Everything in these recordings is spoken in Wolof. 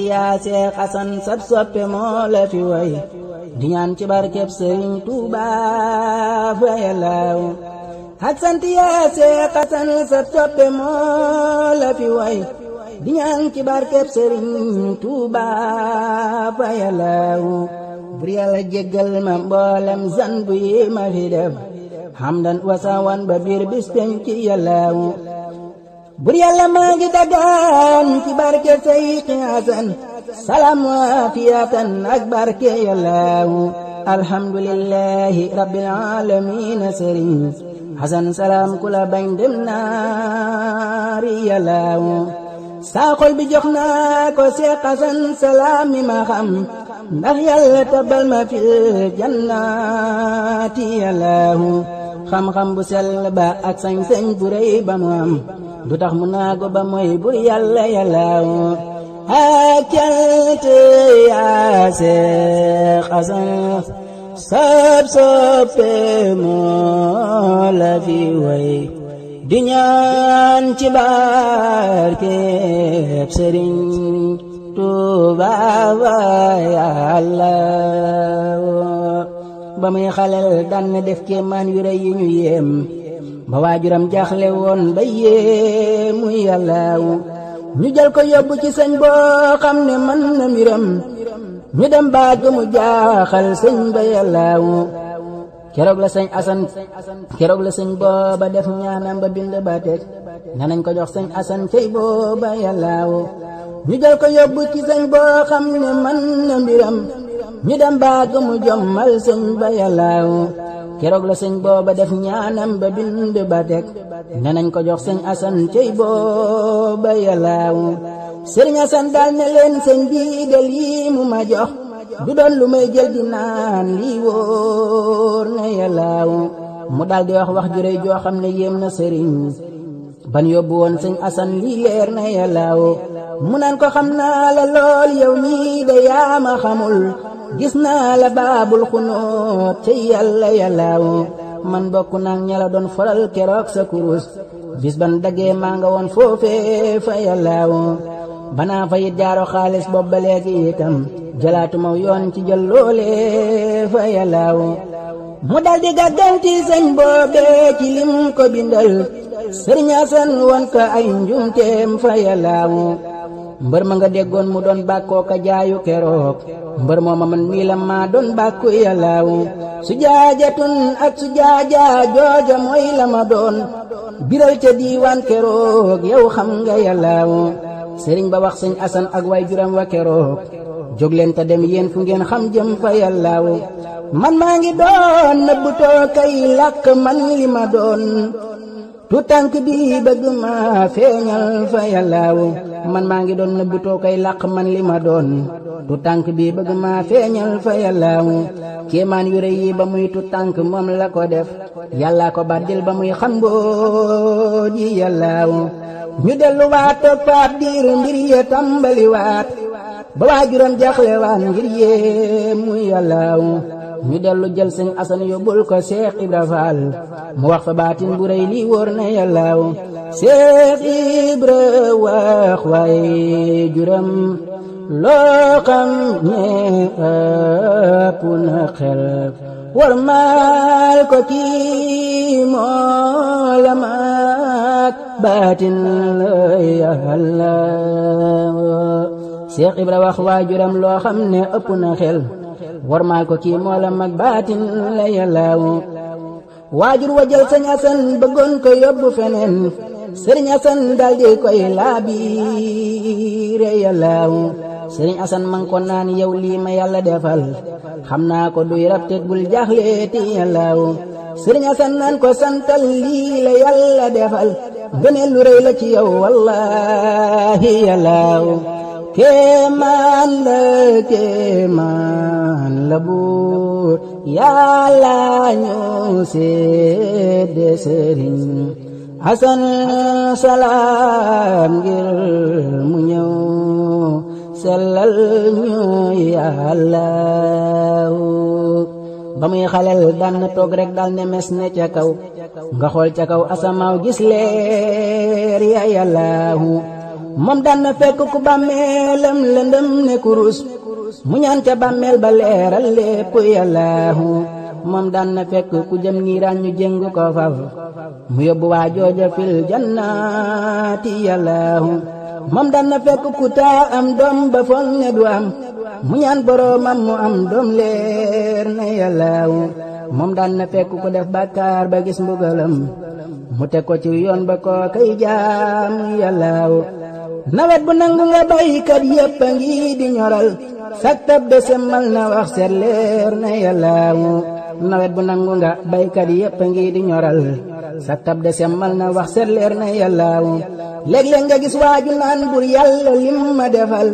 yaa Seex Asan sab soppe moo la way di ñaan ci barkeb Sëriñ Tuuba fa yàllaaw ak sant yaa Seex Asan sab soppe moo la way di ñaan ci barkeb Sëriñ Tuuba fa yàllaaw bur yàlla jéggal ma mboolem zan bu yi ma fi def hamdan wasawan ba biir bis peñ bur yàlla maa ngi dagaan ci barke Seydi Hasan salaam waafiyatan ak barke yàllaawu alhamdulillahi rabbil aalamiin sëriñ Hasan salaam ku la bañ dem naari yàllaawu saa xol bi jox naa ko salaam mi ma xam ndax yàlla tabal ma fi jannaati yàllaawu xam-xam bu sell ak sañ-sañ bu ba mu am du tax mu naa naagu ba mooy bur yàlla yàllaaw haa kent yaa seex asan sab soppe moo la fi way di ñaan ci barkeb sëriñ Tuuba wa yàlla ba muy xalel daan def kéemaan yu rëy ñu yéem ba waajuram jaaxle woon ba yee muy ñu jël ko yóbbu ci sëñ boo xam ne man na miram ñu dem baag mu jaaxal sëñ ba yàllaawu keroog la sëñ asan keroog la sëñ ba def ñaanam ba bind ba teg danañ ko jox sëñ asan cey booba yàllaawu ñu jël yóbbu ci sëñ boo xam ne mën na mbiram ñu dem jommal sëñ ba yàllaawu keroog la sëñ booba def ñaanam ba bind ba teg ne nañ ko jox sëñ asan cey booba yalaaw sëriñ asan daal ne leen sëñ bii de lii mu ma jox du doon lu may jël di naan lii wóor ne yalaaw mu daal di wax wax ju joo xam ne yéem na sëriñ ban yóbbu woon sëñ asan lii leer na yalaaw mu naan ko xam naa la lool yow mii de yaa xamul gis naa la baabul xunóot ci yàlla yàllaaw man bokk naa ñala doon faral keroog sa kurus bis ban daggee maa nga woon foofee fa yàllaaw banaa fa yit jaaro xaalis boobu ba léegi itam jalaatuma yoon ci jël loole fa yàllaaw mu dal gàgganti sëñ boobee ci lim ko bindal sëriñ Asan ko ay njumteem fa yàllaaw mbër ma nga déggoon mu doon bàkkoo ka jaayu keroog mbër mooma man mii la maa doon bàkku yàllaaw su jaajatun ak su jaaja jooja mooy la ma doon biral ca diiwaan keroog yow xam nga yàllaaw sëriñ ba wax sëñ asan ak way juram wa keroog jóg leen te dem yéen fu ngeen xam jëm fa yàllaaw man maa ngi doon nëbbutoo kay làkk man li ma doon tu tànk bi bëgg ma feeñal fa yàllaawu man maa ngi doon nëbbu too koy làq man li ma doon tu tànk bi bëgg ma feeñal fa yàllaawu kéemaan yu rëy yi ba muy tu tànk moom la ko def yàllaa ko baddil ba muy xam boo ji yàllaawu ñu delluwaat toog faat diir mbir yee tàmbaliwaat ba waajuram jaxlewaan ngir yee muy yàllaawu ñu dellu jël sëñ Asan yóbbul ko Seex Ibra Faal mu wax fa baatin bu rëy lii na yàllaaw Seex Ibra wax waaye juram loo xam ne ëpp na xel war maal ko kii moo baatin la yàllaaw Seex Ibra wax waajuram loo xam ne ëpp na xel warmaal ko kii moo baatin la yàllaawu waajur wa jël sëñ bëggoon ko yóbbu feneen sëriñ asan daldi koy laabiire yàllaawu sëriñ asan man ko naan yow lii ma yàlla defal xam naa ko duy rabte gul jaaxleeti yàllaawu sëriñ asan naan ko santal lii la defal ngëneel lu rëy la ci yow wallaahi yàllaawu kéemaan la kéemaan man la buur yàlla ñu seede sëriñ Asan salaam ngir mu ñëw sellal ñu yàlla ba muy xaleel daan na toog rek dal ne mes ne ca kaw nga xool ca kaw asamaaw gis leer ya yàllaahu moom daan na fekk ku bàmmeelam lëndëm ne kurus mu ñaan ca bàmmeel ba leeral lépp yàllaahu moom daan na fekk ku jëm niiraan ñu jéng ko faf mu yóbbu waa jooja fil jannaati yàllaahu moom daan na fekk ku taa am doom ba foog ne du am mu ñaan boroomam mu am doom leer na yàllaahu moom daan na fekk ku def bàkkaar ba gis mbugalam mu teg ko ci yoon ba koo kay jaam yàllaahu nawet bu nangu nga baykat yépp a ngi di ñoral saktab de semmal na wax set leer na yàllaawu nawet bu nangu nga baykat yépp a ngi di ñoral saktab de semmal na wax set leer na yàllaawu léeg-léeg nga gis waaju naan bur yàlla lim ma defal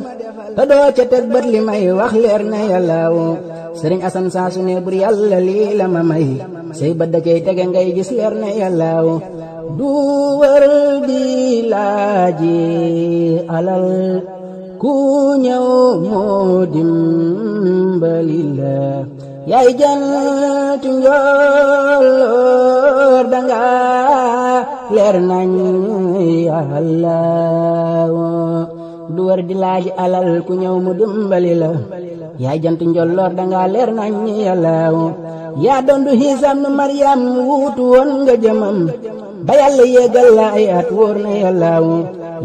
te doo ca bët li may wax leer na yàllaawu sëriñ Asan saa bur yàlla lii ma may say bët da cay tege ngay gis leer na yàllaawu du wër di laaji alal ku ñëw moo dimbali la yaay jantu njolloor danga nañ yàlla du wër di laaji alal ku ñëw mu dimbali la yaay jantu njolloor danga nañ yàlla yaa doon du xiisam nu Maryam wuutu woon nga jëmam ba yàlla yéegal la ay at wóor na yàllaawu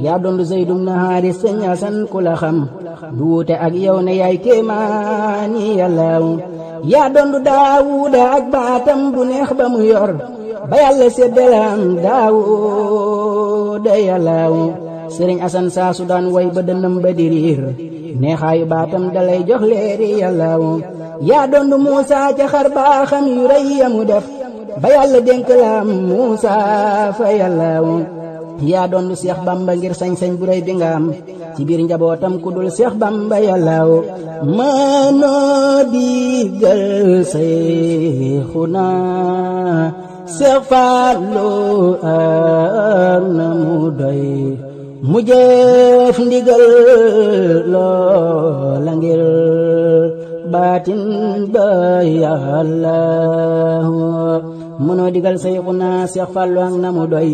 yaa doon zeydum na xaaris sëñ asan ku la xam du ak yow ne yaay kéemaani yàllaawu yaa doon daawuda ak baatam bu neex ba mu yor ba yàlla séddalaam daawuda yàllaawu sëriñ asan saa su daan way ba dënam ba di riir neexaayu baatam dalay jox leeri yaa doon muusa ca xar baaxam yu rëy ya def ba yàlla Muusa fa yàlla woon yaa doon lu Seex Bamba ngir sañ-sañ bu rëy bi nga am ci njabootam ku dul Seex Bamba yàlla woo maanoo digal Seexuna Seex Faalu ak na mu doy mu jëf ndigal loola ngir baatin ba yàlla mënoo digal sayxu naa seex fàllu ak na mu doy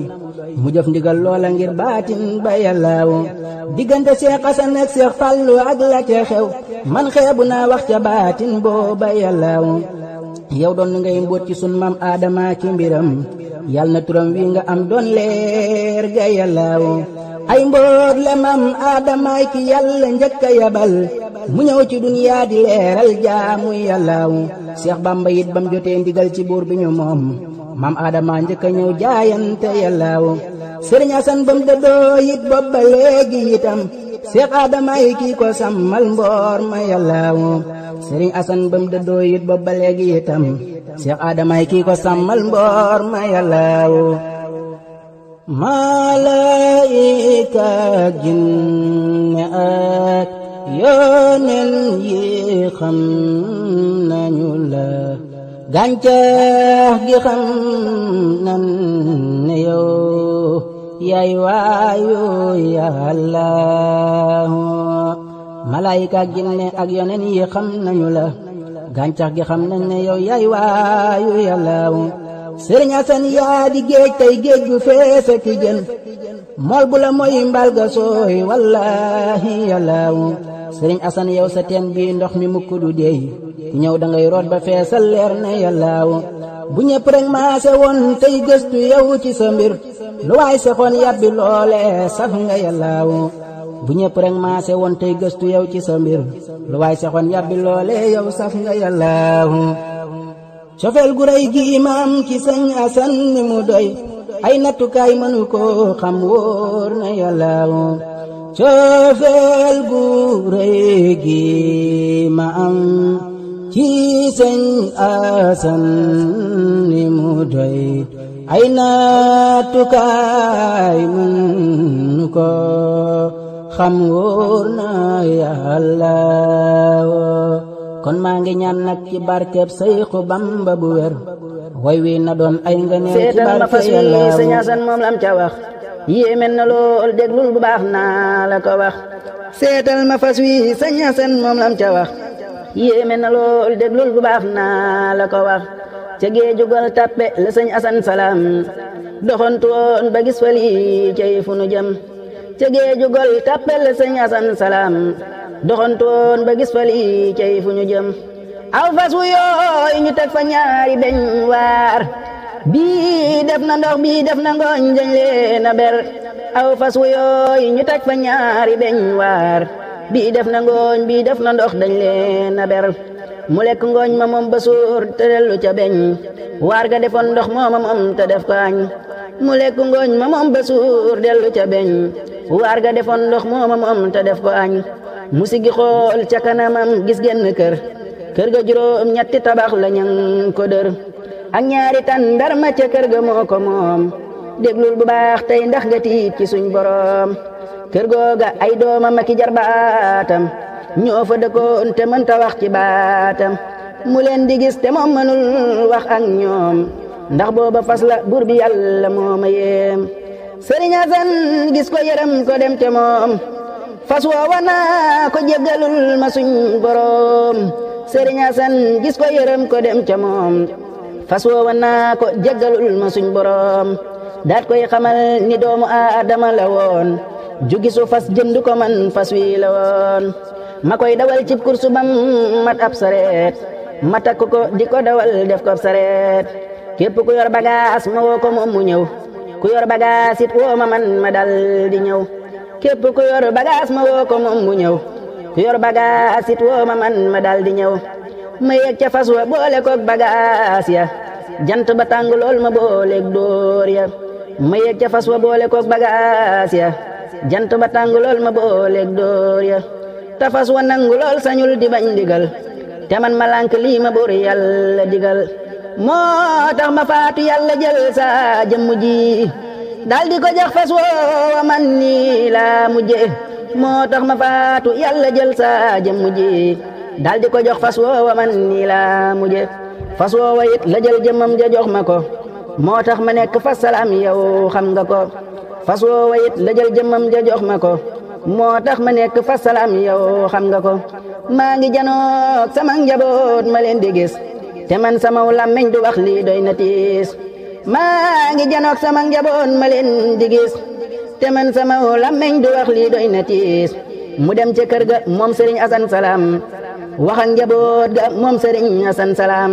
mu jëf ndigal loola ngir baatin ba yàllaawu diggante seex xasan ak seex fàllu ak la ca xew man xeebu naa wax ca baatin boo ba yàllaawu yow doon ngay mbóot ci sun mam aadama ci mbiram yàlla na turam nga am doon leer ay mbóot la maam aadama ki yàlla njëkk a mu ñëw ci duniyaa di leeral jaamu yàllaaw seex bàmba yit bam jotee ndigal ci buur bi ñu moom maam aadama njëkk a ñëw jaayante yàllaaw sëriñ asan bam dëddoo yit bopp ba léegi itam seex mboor ma yàllaaw sëriñ asan bam dëddoo yit bopp ba léegi itam seex mboor ma yàllaaw malaayika ak jinne ak yóoneel yi xam nañu la gàncax gi xam nan ne yow yaay waayu yàlla malayka ginne ak yoneen yi xam nañu la gàncax gi xam nañ ne yow yaay waayu yàlla sëriñ Asan yaa géej tey géej gu fees ak mol bu la moy mbal ga sooy wallaahi serigne asan yow sa ten bi ndox mi mukk du de ku ñew da ngay rot ba fessal leer ne yàllaaw bu ñëpp rek maase won tay gestu yow ci sa mbir lu waay saxoon yàbbi lolé saf nga yàllaaw bu ñëpp rek maase won tay gestu yow ci sa mbir lu lolé yow saf nga gu ray gi imam ci sañ asan ni mu doy ay nattukaay mënu ko xam wóor na yàlla coofeel gu rëy gi ma am ci asan ni mu doy ay nattukaay mënu ko xam wóor na yàlla kon maa ngi ñaan nag ci barkeb Seexu Bamba bu wér way wi na doon ay nga ne ci barke yàlla sëñ Asan moom lam ca wax yéeme na lool déglul bu baax naa la ko wax seetal ma fas wi sëñ Asan moom lam ca wax yéeme na lool déglul bu baax naa la ko wax ca géeju Gueule Tapée la sëñ Asan Salaam doxantu woon ba gis fa lii cay fu nu jëm ca géeju Gueule Tapée la sëñ Asan Salaam doxantu woon ba gis fa lii cay fu ñu jëm aw fas wu yooyu ñu teg fa ñaari beñ waar bii def na ndox bii def na ngooñ dañ leen a ber aw fas wu yooyu ñu teg fa ñaari beñ waar bii def na ngooñ bii def na ndox dañ leen a ber mu lekk ngooñ ma moom ba suur dellu ca beñ waar ga defoon ndox ma moom te def ko añ mu lekk ngooñ ma moom ba dellu ca beñ waar ga defoon ndox mooma moom te def ko añ mu siggi xool ca kanamam gis genn kër kër ga juróom ñetti tabax la ñang ko deur ak ñaari tàndarma ca kër ga moko mom deglul bu baax tay ndax ga tiit ci suñ boroom kër goga ay dooma maki jarbaatam ñoo fa dëkkoon te ta wax ci baatam mu len di gis te mom manul wax ak ñoom ndax fas la bur bi yalla ma yéem gis ko yaram ko dem te mom fas wana ko jegalul ma suñ boroom sëriñ Asan gis ko yërëm ko dem ca moom fas woo ko jéggalul ma suñ boroom daat koy xamal ni doomu aadama la woon jugi su fas jënd ko man fas wi la woon ma koy dawal cib kursu bam mat ab sareet ma ko di ko dawal def ko sareet képp ku yor bagaas ma woo ko moom mu ñëw ku yor bagaas woo ma man ma dal di ñëw képp ku yor bagaas ma woo ko moom mu ñëw yor bagaas it wooma man ma dal di ñew ma yek ca fas wo bolé ko bagaas ya jant ba tàng lool ma bolé dor ya ma yek ca fas wo bolé ko bagaas ya jant ba tàng lool ma bolé dor ya ta fas wa nangu lool sañul di bañ digal te man ma lank li ma bor yalla digal mo tax ma faatu yalla jël sa jëm ji dal di ko jax fas wo man ni la mujjé moo tax ma faatu yàlla jël saa jëmm ji daal di ko jox fas woowa man nii laa mujje fas woowa it la jël jëmmam ja jox ma ko moo tax ma nekk fas salaam yow xam nga ko fas woowa it la jël jëmmam ja jox ma ko moo tax ma nekk fas salaam yow xam nga ko maa ngi janoog sama njaboot ma leen di gis te man samaw làmmiñ di wax lii doy na tiis maa ngi janoog sama njaboot ma leen di gis te man sama làmmeñ du wax lii doy tiis mu dem ca kër ga moom sëriñ asan salaam wax ak njaboot ga moom sëriñ asan salaam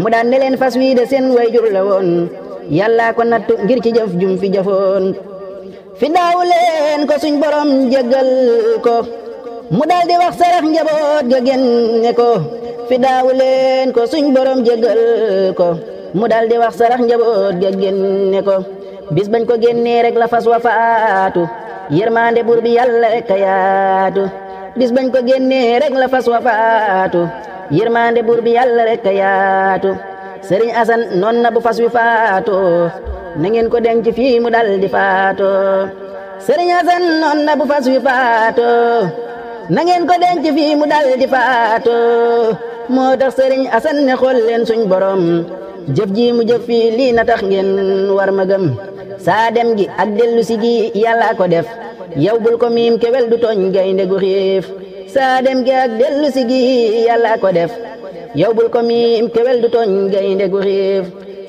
mu daan ne leen fas wii de seen wayjur la woon yàllaa ko nattu ngir ci jëf jum fi jëfoon fi daaw leen ko suñ borom jéggal ko mu daal di wax sarax njaboot ga génne ko fi daaw leen ko suñ borom jéggal ko mu daal di wax sarax njaboot ga génne ko bis bañ ko génnee rek la fas wa faatu yërmande bur bi yàlla rek a yaatu bis bañ ko génnee rek la fas wa faatu yërmande bur bi yàlla rek a yaatu sëriñ asan noon na bu fas wi faato na ngeen ko denc fii mu dal di faato sëriñ asan noon na bu fas wi faato na ngeen ko denc fii mu dal di faato moo tax sëriñ asan ne xool leen suñ borom jëf ji mu jëf lii na tax ngeen war ma gëm saa dem gi ak dellu si gi yàlla ko def yow bul ko miim kewel du tooñ gaynde gu xiif saa gi ak dellu si gi yàlla ko def yow bul ko miim kewel du tooñ gaynde gu xiif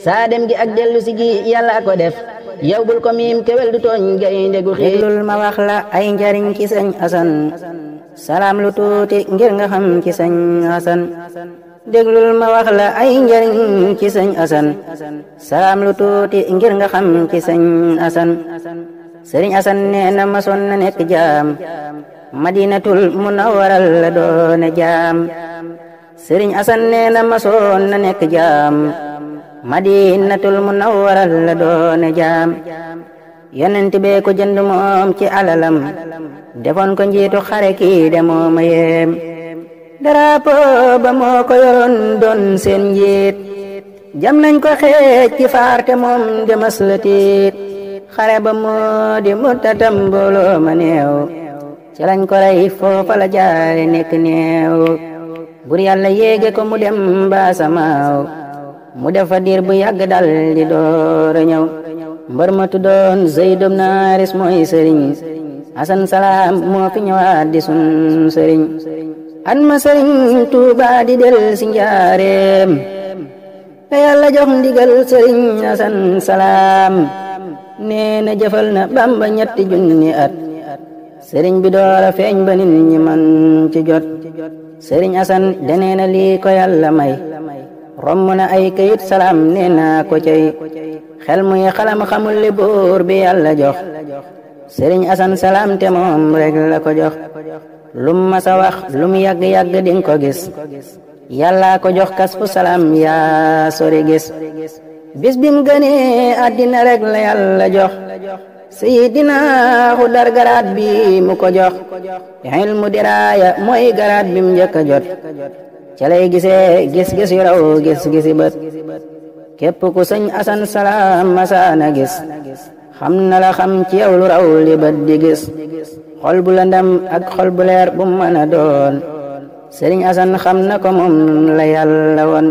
saa gi ak dellu si gi yàlla ko def yow bul ko miim kewel du tooñ gaynde gu xiif déglul ma wax ay njariñ ci sëñ Asan salaam lu tuuti ngir nga xam ci Asan déglul ma wax ay njariñ ci sëñ asan salaam lu tuuti ngir nga xam ci sëñ asan sëriñ asan nee na ma sonn na nekk jaam madinatul munawaral la doone jaam sëriñ asan nee na ma sonn na nekk jaam madinatul munawaral la doone jaam yonent bee ko jënd moom ci alalam defoon ko njiitu xare kii de mooma drapeau ba mo ko yoron don sen yit jam nañ ko xeej ci far te di mas la xare ba mo di mutatam bolo manew ci lañ ko fo fa la jaare nek new bur yalla yéege ko mu dem ba samaaw mu defa dir bu yag dal di doora ñew mbar ma tuddoon zeydum naaris moy serigne asan salam mo fi ñëwaat di sun serigne an ma sëriñ Tuuba di del si ay allah jox ndigal serign Asan salam. nee na jëfal na Bamba ñetti junni at serign bi doora feñ ba ñi man ci jot serign Asan deneena li ko yalla may romb na ay kayit salam nee naa ko cey xel muy xalam xamul li buur bi yalla jox serign Asan salam te mom rek la ko jox lum masa wax lum yàgg-yàgg ding ko gis yàllaa ko jox kas fu salaam yaa sori gis bis bim gënee àddina rek la yàlla jox sayidina xudar garaat bi mu ko jox ilmu diraaya mooy garaat bim njëkk a jot ca lay gisee gis-gis yu raw gis-gisi bët képp ku sëñ asan salaam masaana gis xam na xam ci lu raw li bët di gis xol bu lëndëm ak xol bu leer bu mën a doon sëriñ asan xam na ko moom la yàlla woon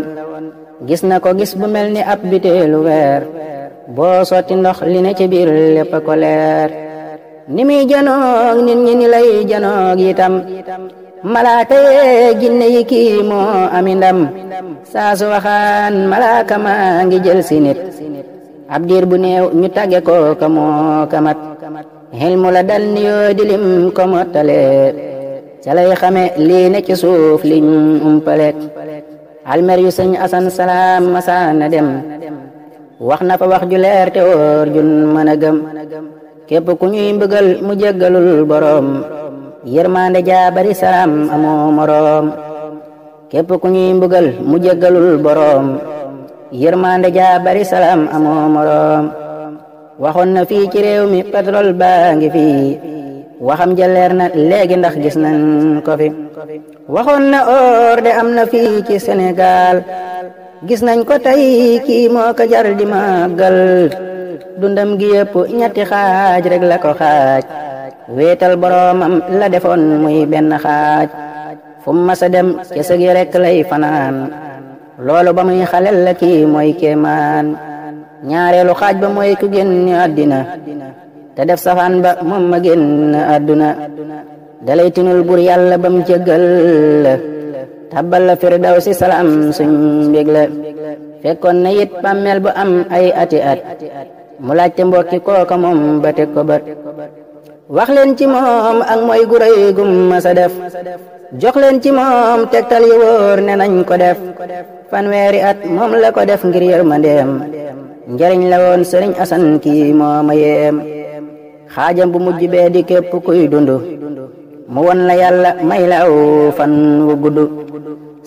gis na ko gis bu mel ni ab biteelu weer boo sotti ndox li ne ci biir lépp ko leer ni muy janoog nit ñi ni lay janoog itam malaaka ginne yi kii ami ndam saa waxaan malaaka maa ngi jël si nit bu néew ñu tàgge ko ka moo kamat xilmu la dal niyoo di ko mottale ca xame lii ne ci suuf liñ umpale almer yu sëñ asan salaam masaana dem wax na fa wax ju leer te wóor jun mën gëm képp ku ñuy mbëggal mu jéggalul boroom yërmande jaa bari salaam amoo moroom képp ku ñuy mbëggal mu jéggalul boroom yërmande jaa bari salaam amoo moroom waxoon na fii ci réew mi pétrole baa ngi fii waxam ja na léegi ndax gis nañ ko fi waxoon na de am na fii ci Sénégal nañ ko tey kii moo ko jar di dundam gi yëpp ñetti xaaj rek la ko xaaj wéetal boroomam la defoon muy benn xaaj fu mas dem ci sëg yi fanaan loolu ba muy xalel la kii mooy ñaarelu xaj ba moy ku génn adina te def safan ba mom ma genn aduna dalay tinul bur yalla bam jegal tabal tabbal salam firdaw begle salaam suñ mbég la na yit pamel bu am ay ati at mu laajte mbokki kooka mom bate ko bat wax len ci mom ak moy gu gum ma sa def jox len ci mom tektal yi ne nañ ko def fanweri at mom la ko def ngir yermandem njëriñ la woon sëriñ asan kii moo ma yeem xaajam bu mujj bee di képp kuy dund mu won la yàlla may la aw fan wu gudd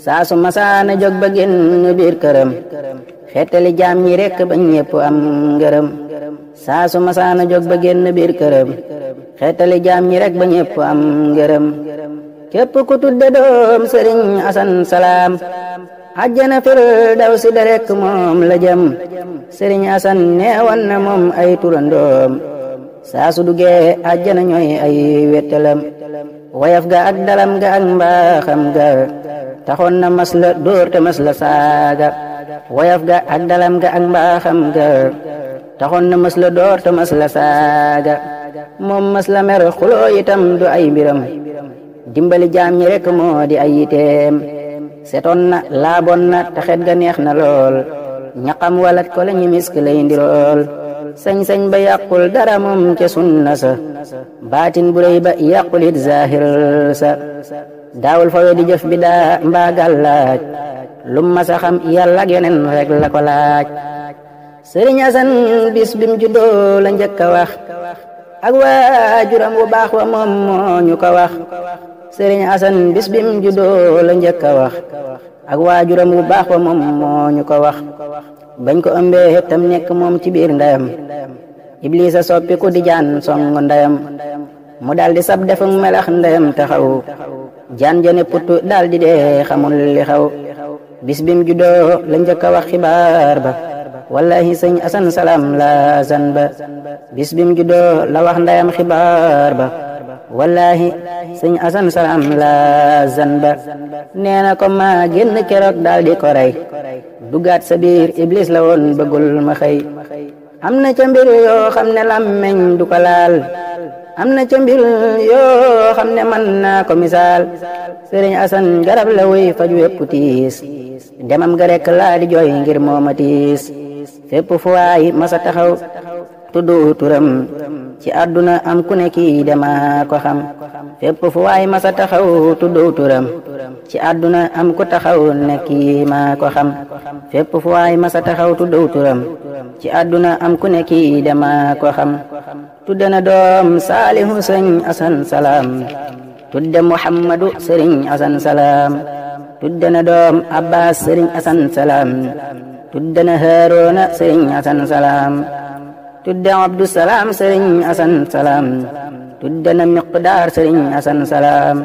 saa su masaana jóg ba génn biir këram xettali jaam ñi rekk ba ñépp am ngërëm saa su masaana jog ba génn biir këram xettali jaam ñi rekk ba ñépp am ngërëm képp ku tudde doom sëriñ asan salaam àjjana firdawsi da rek moom la jëm sëriñ asan neewoon na moom ay turandoom saa su duggee ñooy ay wettalam woyaf ga ak dalam ga ak mbaaxam ga taxoon na mas la dóor te mas saaga woyaf ga ak dalam ga ak mbaaxam ga taxoon na mas la dóor te mas saaga moom mas mer xuloo itam ay mbiram dimbali jaam ñi rek moo ay yiteem Seton na labon na te xet ga neex na lol ñaqam walat ko la ñu misk lay indi lool sañ-sañ ba yaqul dara mum ke sunna sa batin bu rëy ba yaqul it zahir sa dawul fawe di jëf bi da mba gàllaaj lum sa xam yalla ak yenen rek la ko laaj Asan bis bim juddoo la ñeek wax ak wajuram bu baax wa mom wax serigne asan bis bim judo la kawah, wax ak wajuram bu baax ba mom mo ñuko wax bañ ko ëmbé tam nekk mom ci biir ndayam iblisa soppi ko di jaan song ndayam mu daal di sab ak melax ndayam taxaw jaan jene puttu daal di dee xamul li xaw bis bim judo la kawah wax xibaar ba wallahi asan salam la zanba ba bis bim judo la wax ndayam xibaar ba wallahi sëñ asan salam la zanba neena ko ma genn keroog dal di ko rey dugaat sa biir iblis la woon bëggul ma xëy am na ca mbir yoo xam ne meñ du ko laal am na ca mbir yoo xam ne ko misaal sëriñ asan garab la wuy faju wépp demam ga rek laa di jooy ngir mooma tiis fépp fu waay masa taxaw tudd turam ci adduna am ku ne kii demaa ko xam fépp fu waay masa taxaw tuddoo turam ci adduna am ku taxaw ne kii maa ko xam fépp fu waay masa taxaw tuddoo turam ci adduna am ku ne kii demaa ko xam tudde na doom saalihu sëñ asan salaam tudde muhammadu sëriñ doom abbas sëriñ asan salaam tudde na haaroona sëriñ asan salaam tudde abdu salaam sëriñ asan salaam tudde na miqdaar sëriñ asan salaam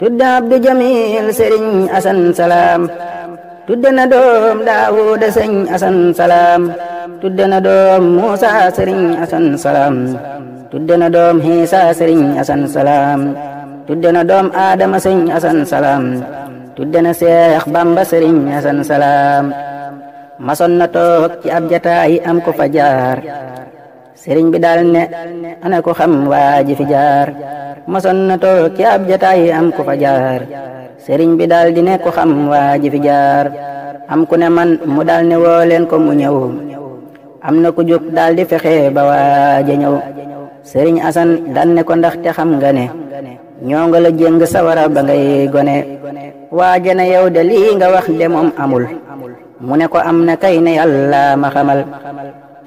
tudde abdu jamil sëriñ asan salaam tudde na doom daawuda sëriñ asan salaam tudde na doom muusa sëriñ asan salaam tudde na doom hiisa sëriñ asan salaam tudde na doom aadama sëriñ asan salaam tudde na seex bamba sëriñ asan salaam mason na toog ci ab jotaay am ko fa jaar bi dal ne ana ko xam waa fi jaar mason na toog ci ab jotaay am ko fa jaar bi dal di ne ko xam waa fi jaar am ku ne man mu dal ne woo leen ko mu ñëw am na ku jóg dal di fexe ba waa ja ñëw asan dal ne ko te xam nga ne ñoo nga la jéng sawara ba ngay gone waa na yow de lii nga wax de moom amul mu ne ko am na kay ne yàlla ma xamal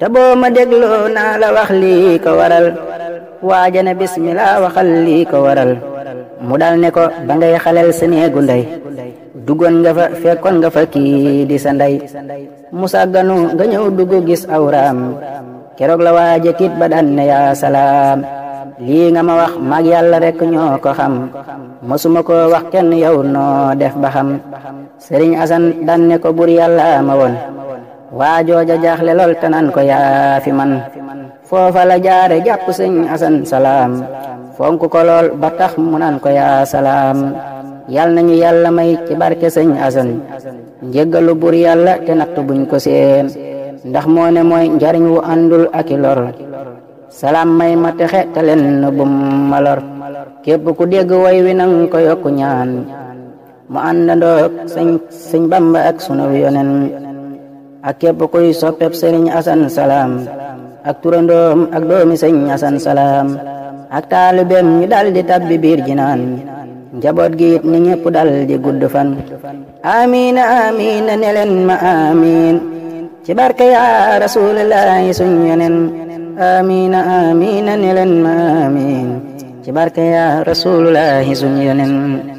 te boo ma dégloo na la wax lii ko waral waaja ne bismillah waxal li ko waral mu dal ne ko ba ngay xalel sa néegu ndey duggoon nga fa fekkoon nga fa kii di sa ndey mu sàgganu nga ñëw dugg gis awraam keroog la waaja kiit ba daan ne yaa salaam lii nga ma wax mag yàlla rek ñoo ko xam mosuma ko wax kenn yow noo def ba xam sëriñ asan dan ne ko bur yàlla ma woon waa jaxle lol lool tanan ko yaa fi man foofa jaare jàpp sëñ asan salaam fonk ko lool ba tax mu nan ko yaa salaam yal nañu yàlla may ci barke sëñ asan njéggalu bur yàlla te natt buñ ko seen ndax moo ne mooy njariñ wu àndul aki Salam may ma texe te bum malor kep ku deg way wi nang ko yok ñaan mu andando señ señ bamba ak sunu yonen ak képp kuy soppeb señ asan salam ak turando ak doomi señ asan salam ak talibem ñu dal di tabbi biir jinan njabot gi it ni ñepp dal di gudd fan amin amin nelen ma amin, ci barke ya rasulullah آمين آمين نلن آمين تبارك يا رسول الله زميلا